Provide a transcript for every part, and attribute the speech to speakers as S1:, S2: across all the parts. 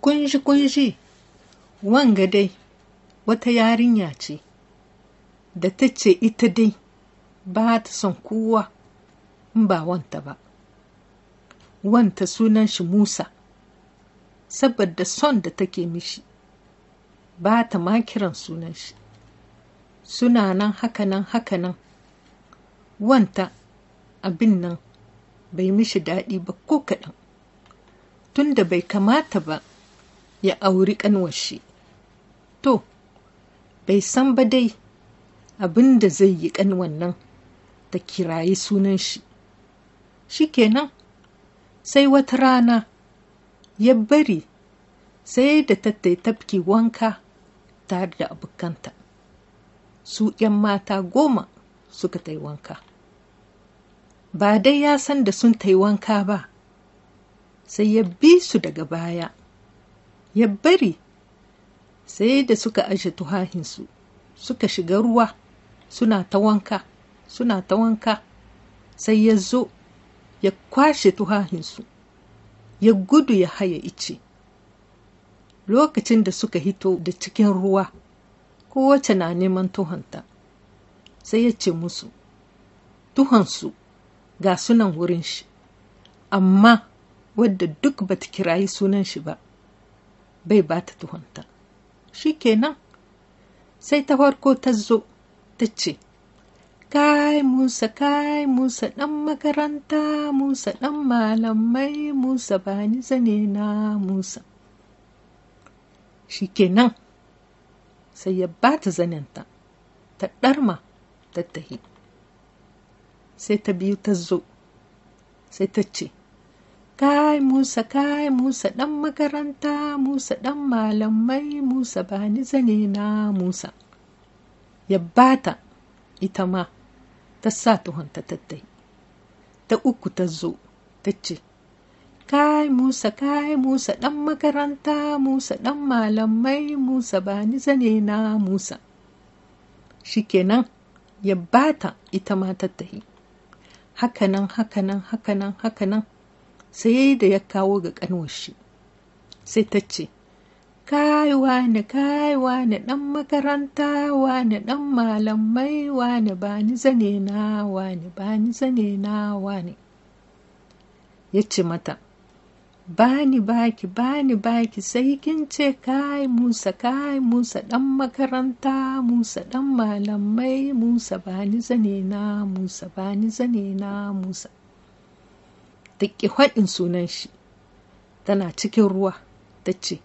S1: kunji kunji wanga dai wata yarinya ce da ta ce ita dai ba ta son kowa in ba wanta ba wanta sunan shi musa saboda son da take mishi ba ta ma kiran sunan shi suna nan hakanan hakanan wanta abin nan bai mishi daɗi ba ko kaɗan tunda bai kamata ba ya auri shi to bai san ba dai abin da zai yi ƙanwan nan ta kirayi sunan shi shi kenan sai wata rana ya bari sai da tattai tafki wanka tare da abokanta su ‘yan mata goma suka tai wanka ba dai ya san da sun tai wanka ba sai ya bi su daga baya ya bari sai da suka aje tuhahinsu suka shiga ruwa suna ta wanka suna ta wanka sai ya zo ya kwashe tuhahinsu ya gudu ya haya ice lokacin da suka hito da cikin ruwa kowace na neman tuhanta sai ya ce musu tuhansu ga sunan wurin shi amma wadda duk bata kirayi sunan shi ba bai ba ta tuhonta shi kenan sai ta farko ta zo ta ce kai musa kai musa ɗan makaranta musa ɗan malamai musa bani zane na musa shikenan sai ya ba ta zanenta ta ɗarma ta tahi sai ta biyu ta zo sai ta ce Kai Musa, kai Musa ɗan makaranta, Musa ɗan malamai, Musa ba ni zane na Musa. Ya bata ita ma ta sa ta tattai. Ta uku ta zo, ta ce, Kai Musa, kai Musa ɗan makaranta, Musa ɗan malamai, Musa ba ni zane na Musa. Shikenan ya bata ita ma tattai Hakanan, hakanan, hakanan, hakanan. sai da ya kawo ga shi sai ta ce kai wane kai wane dan makaranta wane dan malamai wane ni zane na wane ni zane na wane ya ce mata bani baki bani baki sai kin ce kai musa kai musa dan makaranta musa dan malamai musa ba ni zane na musa ba ni zane na musa ta ƙi haɗin sunan shi tana cikin ruwa ta ce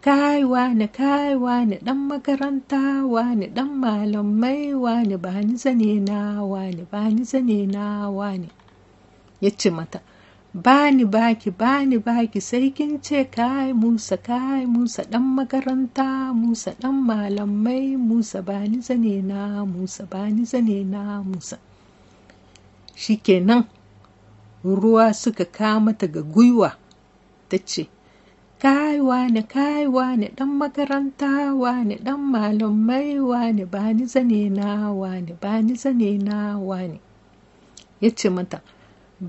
S1: kai wani kai wani ɗan makaranta wani ɗan malamai wani ba ni zane na wani ba ni zane na wani ya ce mata ba bani baki bani baki sai kin ce kai musa kai musa ɗan makaranta musa ɗan malamai musa bani zane na musa bani zane na musa shikenan ruwa suka kamata ga gwiwa ta ce kai wane kai wane ɗan makaranta wane ɗan malamai wane ba ni zane na wane ba ni zane na wane ya ce mata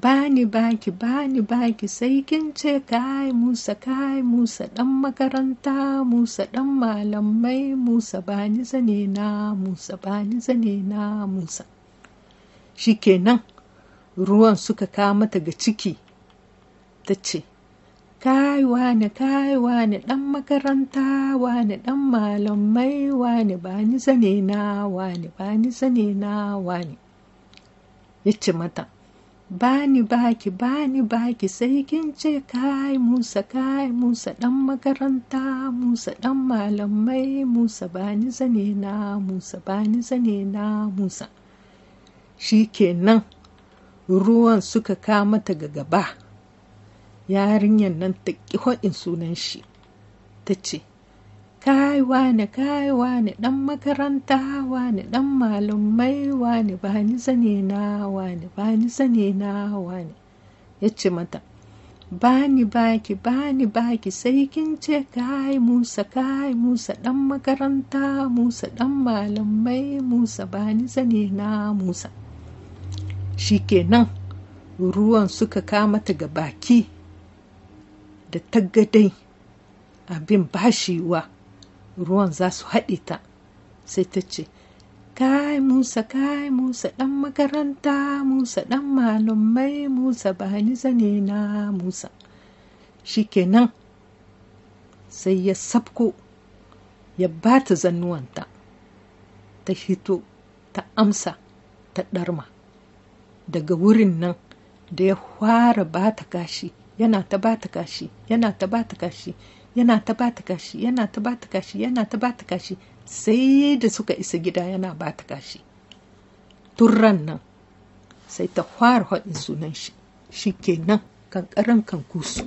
S1: bani baki bani baki sai kin ce kai musa kai musa dan makaranta musa dan malamai musa bani zane na musa bani zane na musa shikenan ruwan suka kawo mata ga ciki ta ce kai wane kai wane ɗan makaranta wane ɗan malamai wane ba ni zane na wane ba ni zane na wane ya ce mata ba ni baki ba ni baki sai kin ce kai musa kai musa ɗan makaranta musa ɗan malamai musa ba ni zane na musa ba ni zane na musa shi kenan ruwan suka kamata ga gaba yarinyar nan ta ƙi haɗin sunan shi ta ce kaiwa ne kaiwa ne, ɗan makaranta wa ne, ɗan malamai ne ba ni zane na ne ba ni zane na wa ne. ya ce mata bani baki bani baki sai kin ce kai musa kai musa ɗan makaranta musa ɗan malamai musa bani zane na musa shikenan ruwan suka kama ta ga baki da tagadai abin bashiwa ruwan za su haɗe ta sai ta ce kai musa kai musa ɗan makaranta musa ɗan malamai musa bani zane na musa shikenan sai ya sabko ya ba ta zannuwanta ta hito ta amsa ta ɗarma daga wurin nan da ya fara bata kashi yana ta ta kashi yana ta ta kashi yana ta ta kashi yana ta ta kashi yana ta ta kashi sai da suka isa gida yana bata kashi turran nan sai ta fara haɗin sunan shi shi kenan kankaran kankusu